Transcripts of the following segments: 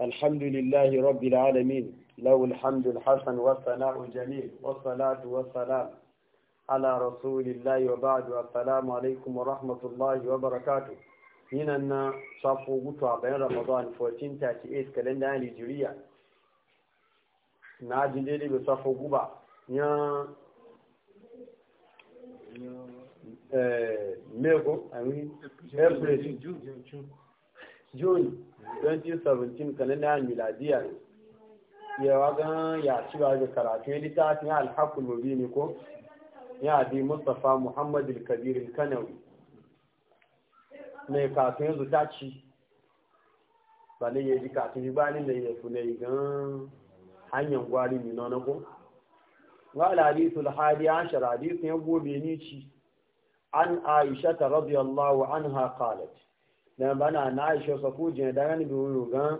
الحمد لله رب العالمين له الحمد الحسن والثناء الجميل والصلاة والسلام على رسول الله وبعد السلام عليكم ورحمة الله وبركاته هنا أن صفو قطع بين رمضان 1438 كالندا الهجرية نادي لي بصفو قبع يا آه، ميغو أمين أبريل june 2017 kalendar miladiya yawa gan ya ci ba da karatu ya littafin lobi ne ko ya bi mustapha muhammadu kabir kanawi mai kafin yanzu ta ci ba ne ya ji kafin yi bayanin da ya fi gan hanyar gwari mai na ko wa alhadisu alhadi an shara ya gobe ni ci an aisha ta radiyallahu an qalat نبنا نعيش وصفوجنا دعنا بيقولوا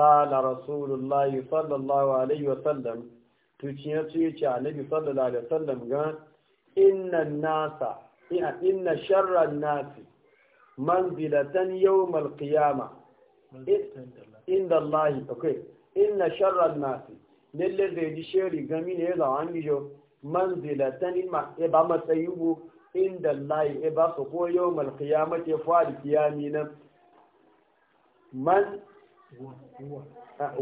قال رسول الله صلى الله عليه وسلم تُجِنَ تُجِنَ النبي صلى الله عليه وسلم قال إن الناس إن شر الناس منزلة يوم القيامة عند الله إن شر الناس نلذي دي شيري قمين إذا عمي جو منزلة إما إبا ما inda Allah ya ba su ko yau mal kiyamati ya fara kiyami nan man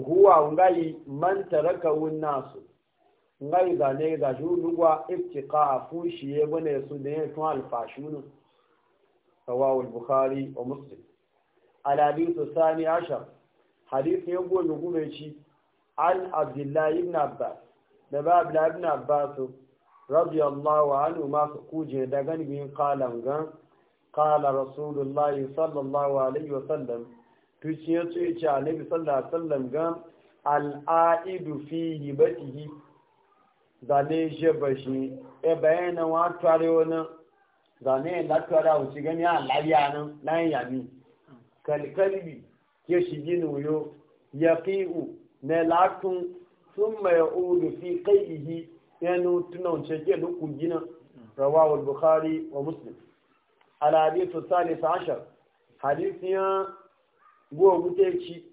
huwa ngai man taraka wun nasu ngai da ne ju junuwa iftiqa fushi ya bane su ne tun fashunu rawahu al-bukhari wa muslim al-hadith thani ashar hadith ne go lugume shi an abdullahi ibn abbas da ba abdullahi ibn abbas radiyallahu anhu ma su kuje da ganibin kalan gan kala rasulullahi sallallahu alaihi wasallam tuci ya ce ce annabi sallallahu alaihi wasallam gan al'aidu fi hibatihi zane je bashi e bayanan wa tare wani zane tare a wuce gani a lafiya nan layin yami kalkalbi ya shigi nuyo ya fi'u na latun sun mai odu fi kai ihi yanu tunan shege lukun gina rawawa bukhari wa muslim alhadisu salis ashar hadisiyan gogu ci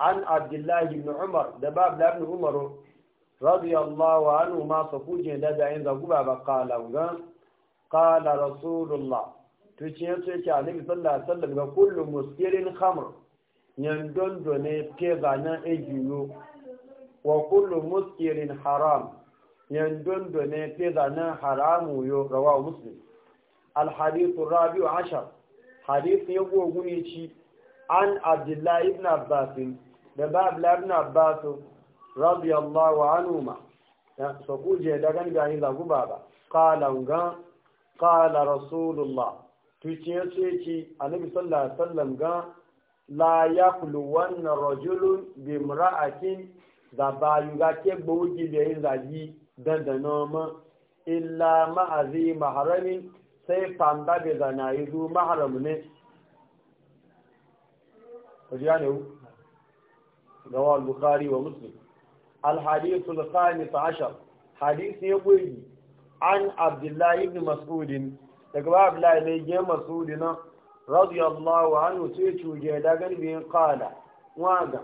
an abdullahi ibn umar da ba abdullahi ibn umar radiyallahu anhu ma kuje da da yin guba ba kala ga kala rasulullah to ce yace ki annabi sallallahu alaihi wasallam ga kullu muskirin khamr yan dondo ne ke zana ejiyo wa kullu muskirin haram yan da ne ke zanen haramu yo rawa muslim alhadithu rabi'u ashar hadith ya gogu ne ci an abdullahi ibn abbas da ba abdullahi ibn abbas radiyallahu anhu ma so kuje da gan gani za ku baba qala ga qala rasulullah tuce ce ci annabi sallallahu alaihi wasallam ga la yaqulu wan rajulun bi imra'atin da ba yuga ke gbogi da yin zagi dandano ma illa ma'azi maharami sai fanda bai zana yi zu maharamu ne kujiya ne hu gawa bukari wa muslim الحديث الخامس عشر حديث يقول عن عبد الله بن مسعود daga ba abu lai mai gema su dina radiyallahu anhu sai cuje da garbi kala waga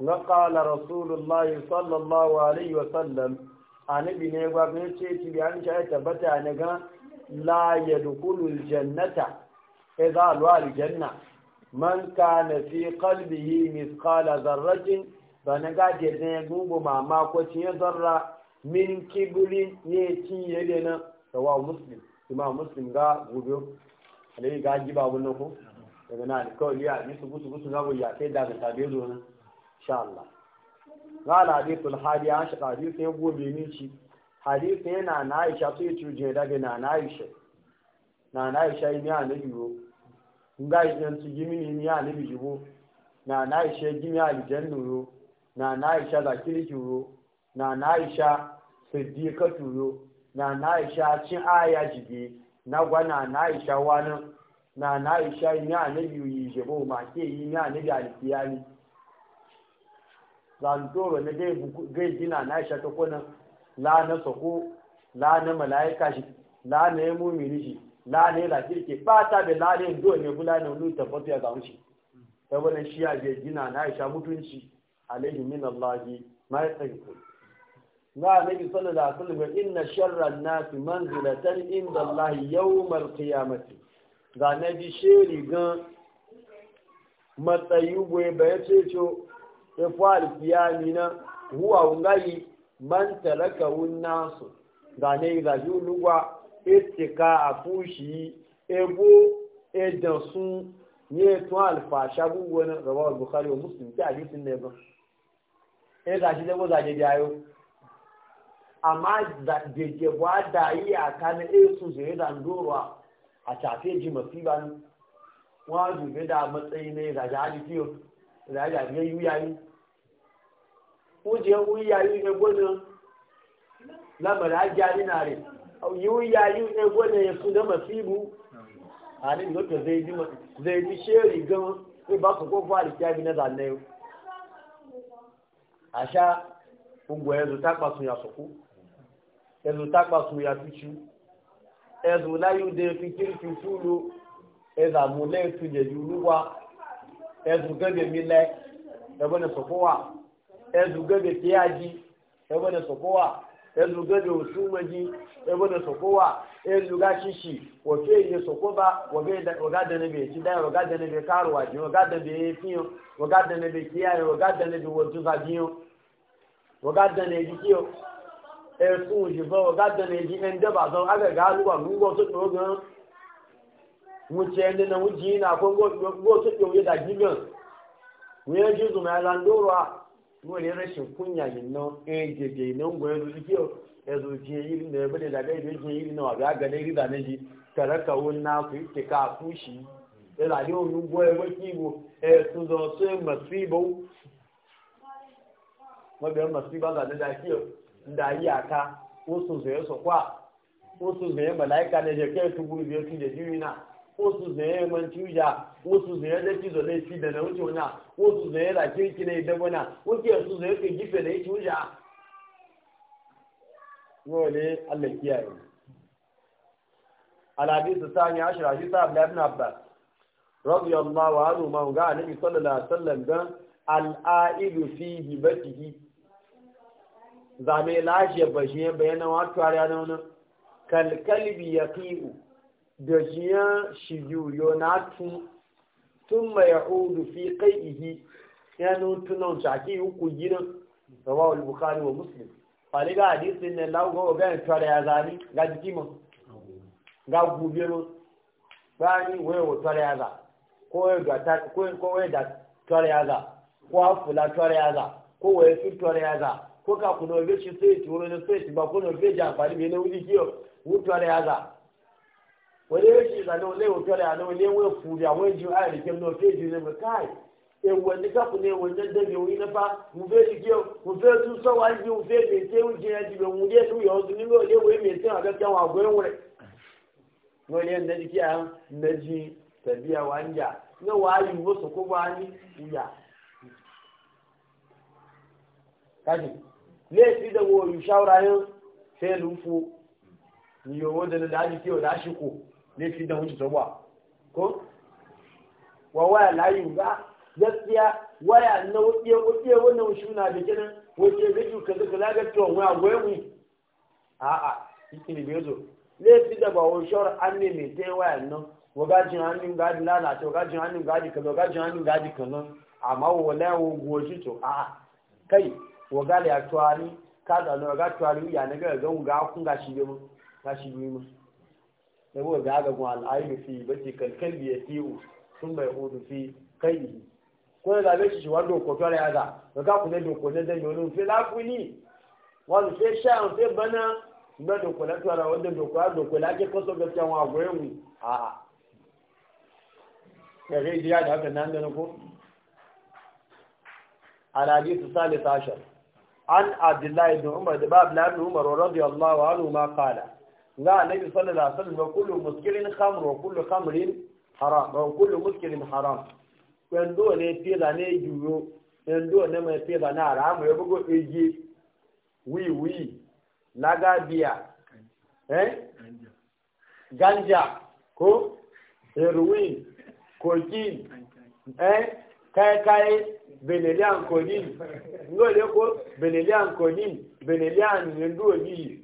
na qala rasulullahi sallallahu alaihi wa sallam. annabi ne ya gwagwa ya ce ki biya ni shayar tabbata na ga la ya dukulu jannata e za a luwa aljanna man ka na fi kalbihi miskala zarratin ba na gajiyar da ya gugu mama ko ya zarra min kibiri ne ya da na rawa muslim kuma muslim ga gudu alayhi ga ji ba nan ko daga na alkawali a nisu gusu gusu ga goyi a kai da ta bezo na insha Allah قال حديث الحادي عشر حديث يبو بيميشي حديث هنا نعيشة تيتو جيدا بنا نعيشة na na'isha yi miya na biyu nga idan su gimi ni miya na biyu na na'isha gimi aljannu yo na na'isha zakirki yo na na'isha siddiqatu yo na na'isha cin aya jige na gwana na'isha na yi miya zantoro na gai gina na shi ta kunan la na sako la na mala'ika shi la na ya mumini shi la na ya lafiyar ke fata da la na ya dole ne bula na wani tabbata ya zaun shi ta wani shi ya gai gina na shi mutunci alaihi min allahi ma ya tsaye ku na nabi sallallahu alaihi wasallam inna sharran nasi manzilatan inda allahi yawmal qiyamati ga bi shiri gan matsayi gobe ya ce ya fara kiyami na huwa ngai man talaka nasu ga ne ga yulugwa ittika a fushi ebo edan sun ne tun alfasha gugu na rawa bukhari wa muslim ta hadisin ne ba e ga shi da go zage jayo amma jeje da yi a kan e, e zai dan dorwa a tafe ji mafi ban wa zube da matsayi ne ga jaji fiyo da yayi wuje wuya yi ne gona lamar ajiya nina re yi wuya yi ne gona ya su gama fibu a nan yau zai ji zai ji sheri gan sai ba su ko fara kyabi na zanne yau a sha ungo yanzu ta kpasu ya soku yanzu ta kpasu ya fici yanzu layu da ya fi kirkin tulu yanzu amulai su da juruwa yanzu gabe ezuga da tiyaji ebe da sokowa ezuga da usumaji ebe da sokowa ezuga shishi wato yi sokoba waga da nabe ci daya waga da nabe karuwa ji waga da nabe fiyo waga da nabe kiyaye waga da nabe wato zabiyo waga da nabe kiyo ẹ̀sùn òṣìṣẹ́ na mú wíyẹn jésù ń wani rashin kunya yin nan eh jeje nan gwa yanzu ike na yabi da daga idan je yi na wa ga gane na ji na ike ka kushi ila yau nun gwa yabi kiwo eh sun zo su yi masibo mabiyan masiba ga na da kiyo da yi aka wasu zai su kwa na je kai tubu da na wasu zai man cuja wasu zai da ci zo dai fi da na wuce wana wasu zai da kirki ne da wana wuce su zai ka gife da cuja wale Allah kiyaye الحديث الثاني عشر حديث na ابن عباس رضي الله عنه ما قال النبي صلى الله عليه وسلم قال العائد في هبته zame lashe bashe bayanan wato a ranar kalkalbi ya ki'u da jiyan shiyu yonatu tun mai hudu fi kai ihi ya nutunan shaki uku ginin rawa al-bukhari wa muslim fali ga hadisin ne lagowa ga yin tare ya zani ga jikima ga gube mun bani waya wa tare ya za ko waye da tare ya za ko hafula tare ya za ko waye su tare ya za ko ka kuna obe shi sai ti wani sai ti ba kuna obe ji amfani mai na wuri kiyo wutu tare ya za wani rashin zane wani yau fere a nan ne wani furi a wani jiwa a rikin nan fe jiwa mai kai e wani kafu ne wani da ne wani nafa mu fe jike mu fe su sawa ji mu fe mai te wuce ya jibe mu ne su yau su ni ne wani mai te a gaskiya wa goyon wuri wani yadda jike a na na ko da shawara yin da na da aji da shi ne fi da wuce sabuwa ko wa waya layin ga gaskiya waya na wuce wuce wannan shuna da kinan wuce biju kaza kaza ga to wa goyi a a yake ne bezo ne fi da ba wani shawar an ne mai ta waya nan wagajin hannun gadi lalata wagajin hannun gadi kaza an hannun gadi kaza amma wala wo goji to a a kai wagale ya tuwari ka da no ga tuwari ya na ga ga kun ga shi be mu ga shi be mu sabo da ga mu al'ayi fi bace kalkal ya tiwu sun mai hudu fi kai ko da be shi wando ko to ya da ga ku ne ko da yonu fi la sai sha an sai bana ba do ko la to ara wanda do do ke ko so ga tan wa goyen mu a ya ga dia da haka nan da ko الثالث عشر عن عبد الله بن عمر بن عمر رضي الله ga annabi sallallahu alaihi wasallam wa kullu muskirin khamr wa kullu khamrin haram wa kullu muskirin haram kwendo ne pila ne juyo kwendo ne mai pila na haram ya bugo eji wi wi laga biya eh ganja ko heroin cocaine eh kai kai benelian conin ngole ko benelian conin benelian ndo yi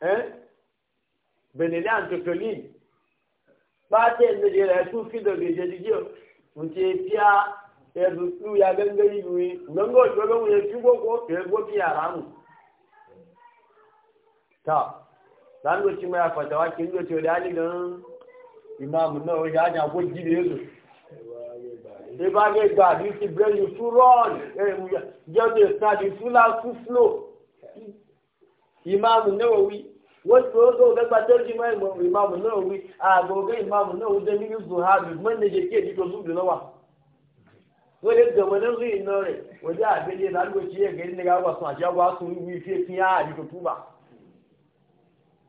eh benele antotolin ce yanzu da ya su fi da gaje da giyo wuce fiya ya zutu ya gangari yuyi don ga wato ga wuce fi goko ya gofi ya ramu ta zan goci mai fatawa kin goci da hali don imamu na ya ajiya ko gidi ya zo ṣe bá gé gbà ní ti bẹ́ẹ̀lì fún rọ́ọ̀nì jọ́dẹ̀ sáàdì fúlà fún fúlò wasu wasu ga kwatar jima'i imamu na wuri na wuri da mini zuha bi man da jeke ji to su da nawa wani gaba na zuwa inore wajen abin da ya zaɗi wace ya na gawa sun ajiya ba sun yi fiye sun ya abi to tuba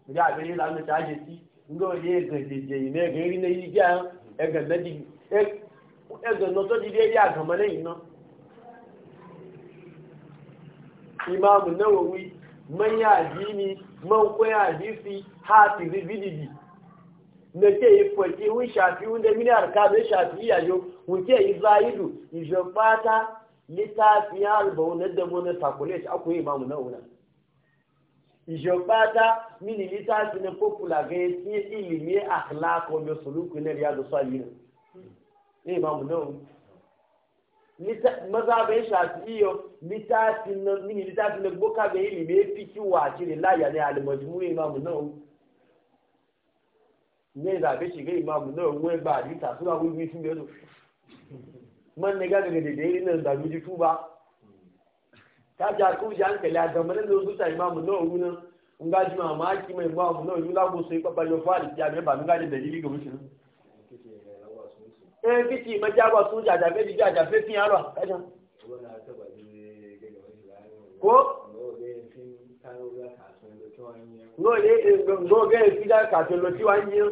wajen abin da ya zaɗi nga wajen ya gajeje yi na yi yi na na addini man koya hadisi hafi zibididi na ke yi fwaje wun shafi wun da mini harka shafi yayo wun ke yi zayidu ijo bata littafi alba wun da mu na sakulet akwai imamu na wuna ijo bata mini littafi na popula ga yi tiye ilimi akhlaq wa suluku na riyadu salina ne imamu na wuna maza bai shafi iyo littafin na mini littafin na boka bai mai fi kiwa shi ne laya ne alimajmu ne imamu nan ne zaɓe shiga imamu nan wai ba a lita suna wuri sun bai zo man na gaga da daidai nan da miji tuba ta ja ku ji hankali a gama nan da zuta imamu nan wunan in gaji mamaki mai imamu nan yi lagun sai kwakwalwa fari ya bai ba mun gaji dalili ga mutum e kìkì ìmọ̀já bọ̀ tún jàjà méjì jàjà fẹ́ fi hàn lọ kájà. kó. lóòlé gbọ́ngàn ìfidá kàtó lọ sí wa ń yín.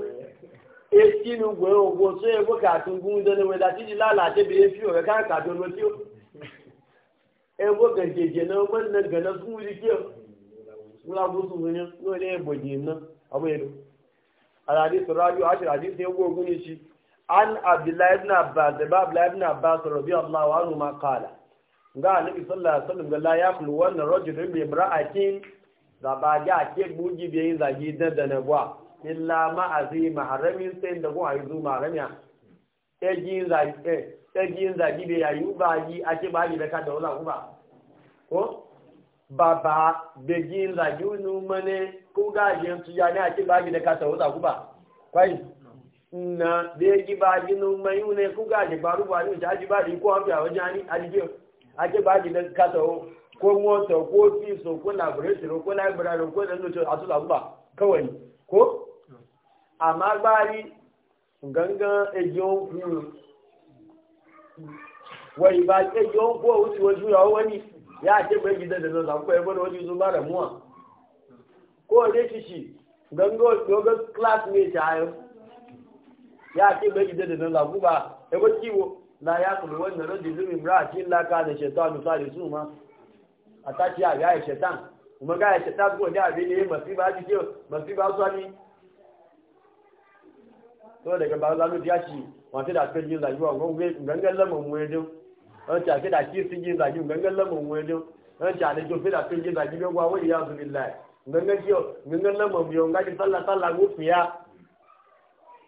etí nu gbọ̀n ògbó tó yẹ kó kàtó gún dẹ́nu wẹ̀dá títí lálàá débi efi ọ̀rẹ́ ká na o. ti an abdullahi ibn abbas da abdullahi ibn abbas radiyallahu anhu ma qala ga annabi sallallahu alaihi wasallam ga la yaqulu wa anna rajulun bi imra'atin da ba ga ke buji bi yin zagi da da na gwa illa ma azim maharamin sai da go ayu zu maharamiya e ji zagi e e ji zagi bi yayu ba ji ake ba ji da ka da wala ba ko baba be ji zagi nu mane ko ga yin su ya ne ake ba ji da ka ta wala ba kwai na deji baji no mayu ne ku gaji baru baru jaji baji ko abi awo jani adijo aje baji da kato ko moto ko piso ko laboratory ko library ko da nuto atula mba kawai ko amma gbari gangan ejo ku wai ba ejo e ko wuce waju ya wani ya ce bai gidan da nan ko ebe da wani zuba da muwa ya ce bai ide da nan lagu ba ya ba kiwo la ya kuma wannan rajin zumin ra shi laka da shaitan misali su ma a tashi a shaitan kuma gaya shaitan ko da abin ne masifa ji ke masifa su ne to daga ba za mu ya shi wata da kan yin zaji wa gangan lamar mu yadin wani ta fi da kisin yin zagi gangan lamar mu yadin wani ta da fi da kan yin zaji, bai gwa wani ya zubin gangan gangan mu yau ngaji sallah sallah mu fiya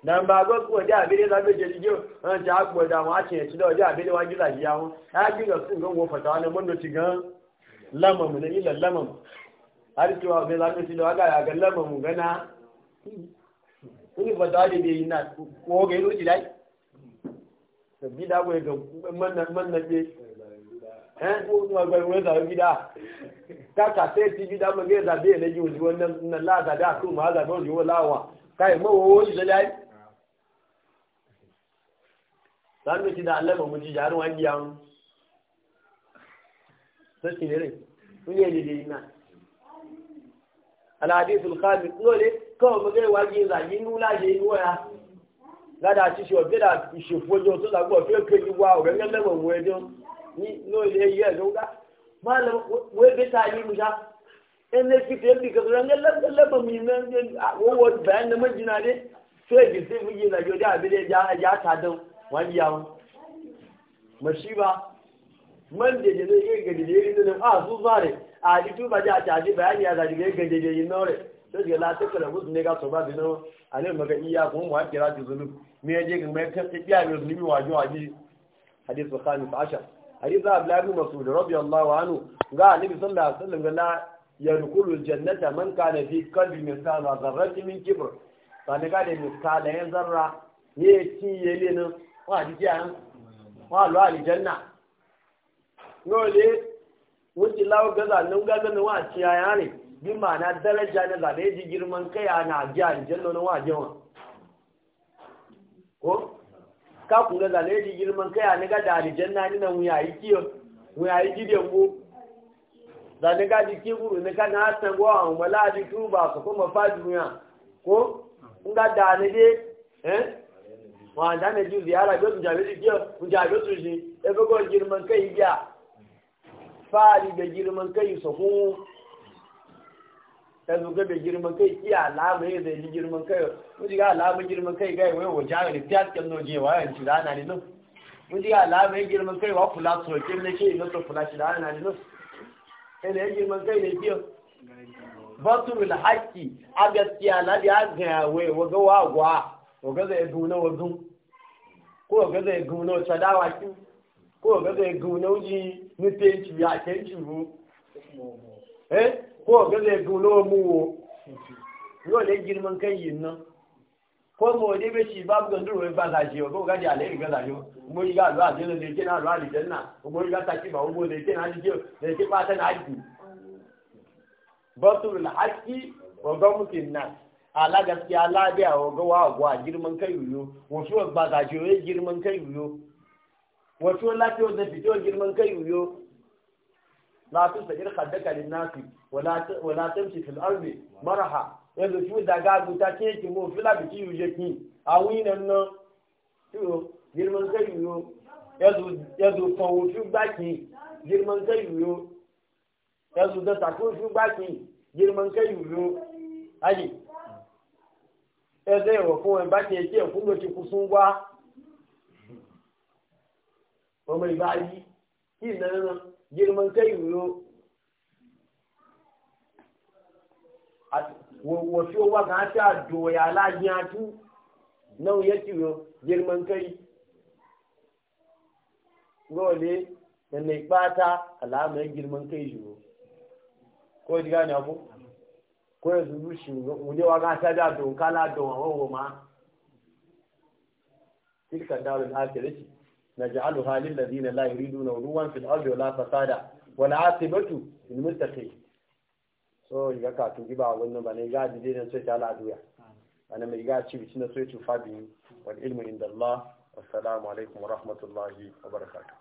nàmbà agbókù a àbílẹ̀ lábẹ́jẹ́ jíjọ́ ọ̀n tí a gbọ́dọ̀ àwọn àṣìyàn tí ọjọ́ àbílẹ̀ wájú láyé àwọn ágbìyàn fún ìgbọ́n wọn fọ̀tà wọn mọ́nà ti gan lámàmù ní ilẹ̀ lámàmù àríkí wa ọ̀gbẹ́ lábẹ́ ti lọ agáyà gan lámàmù gánà ní fọ̀tà wọn dìde yìí náà wọ́n da ló jì láì bí dáwọ́ ẹ̀gàn mọ́nà pé ẹn kó ní ọgbẹ́ ìwé ìzà bí dá káàkà tẹ́ ti bí dá mọ́ gẹ́ ìzà bí ẹ̀lẹ́jì òjò náà da dá kó mọ́ àzà bọ́ọ̀lù yóò láwà káì mọ́ owó ìṣẹ́lẹ̀ ayé sanu ti da alama mu ji jaru wa giya mu so ti ne mu ne le le na al hadith al khamis no le ko mo ge wa gi za gi nu la je nu ya gada ti so da isu fojo to da gbo fe o mu waje ni no le ye lo ga ma le ta ni mu ja ene ti te bi ko genge le le mi na wo wo ba na ma jina de bi se mu ji na jo da bi de ja ta don wani yawon mashi ba man da jini yin gajiyayi nuna a su zare a jitu ba ji a caji bayani a zaji ga gajiyayi nore sai ga lati kala musu ne ga so ba bi no ale maga iya kun wa kira ti zulum me ya je ga mai kan tiya ne zulumi wa jo aji hadithu khamis ashar hadithu abdullah bin mas'ud radiyallahu anhu ga annabi sallallahu alaihi wasallam ga yadkhulul jannata man kana fi qalbi misal zarrati min kibr sani ga da misal yan zarra ne ci yele nan wọ́n àdíjẹ́ àrùn wọ́n àlọ́ a yóò lé wọ́n ti láwọ́ gẹ́gà ní gẹ́gẹ́ ní wọ́n àti àyà rẹ̀ bí màá na dẹ́rẹ́jà ní di girman kẹ́yà ní àjẹ́ àlìjẹ́nà ní wọ́n àjẹ́ wọn. ko kakun gẹ́gà di girman kẹ́yà ní gàdé àlìjẹ́nà nínú wọn yà yìí kíyọ wọn yà yìí na hasan gwa a umala ji tuba ka kuma ko? Nga wọn àdá méjì ziyara bí ó tún díẹ̀ ń ṣe girman kai biya fari da girman kai sahun ta zuga da girman kai iya alama ya yìí girman kai kai wai waje ga ta kan noje wa yan shi rana ne nan mun alama ya girman kai wa kula ke ne ke ne to kula shi ne a gaskiya na da ogaza egun na ogun ko ogaza egun na chadawa ki ko ogaza egun na uji ni tenchu ya tenchu eh ko ogaza egun na mu wo yo le girman kai yin nan ko mo de be shi babu gandu we ba da ji ko ga ja ga da yo mo yi ga lo a de le na lo a na mo yi ga ta ki ba mo le ke na ji le ke pa na ji batul haqqi wa gamtin nas ala gaskiya ala biya wa ga wa girman kai yuyo wasu ba ga ki girman kai yuyo wasu lafiya da fito girman kai yuyo la tu sajir khaddaka lin nasi wala tamshi fil ardi maraha yanzu shi da ga ta ce ki mu fila biki yuje ki a winan nan to girman kai yuyo yanzu yanzu fa wuce baki girman kai yuyo yanzu da ta ko shi baki girman kai yuyo aji ẹgbẹ́ ìwọ̀ fún ẹ̀ bá ti ẹ̀kí ẹ̀kú ló ti kú sún wá ọmọ ìbá yí kí ìnáwó náà jẹ́rìmọ́ ńkẹ́ ìwúrò wọ̀ tí ó wá kàn á sí àdó ẹ̀ aláàjì àtú náà yẹ ko yanzu ló ṣì wọlé wa gáà sájà dùn ká ládùn àwọn òwò máa tilka darul akhirati naj'aluha ladina la yuriduna ruwan fil ardi wala fasada wal aqibatu lil muttaqin so iga ka tun giba wannan ba ga dide ne sai ta laduya ana mai ga ci bicin sai tu fabi wal ilmu inda Allah wassalamu alaikum wa rahmatullahi wa barakatuh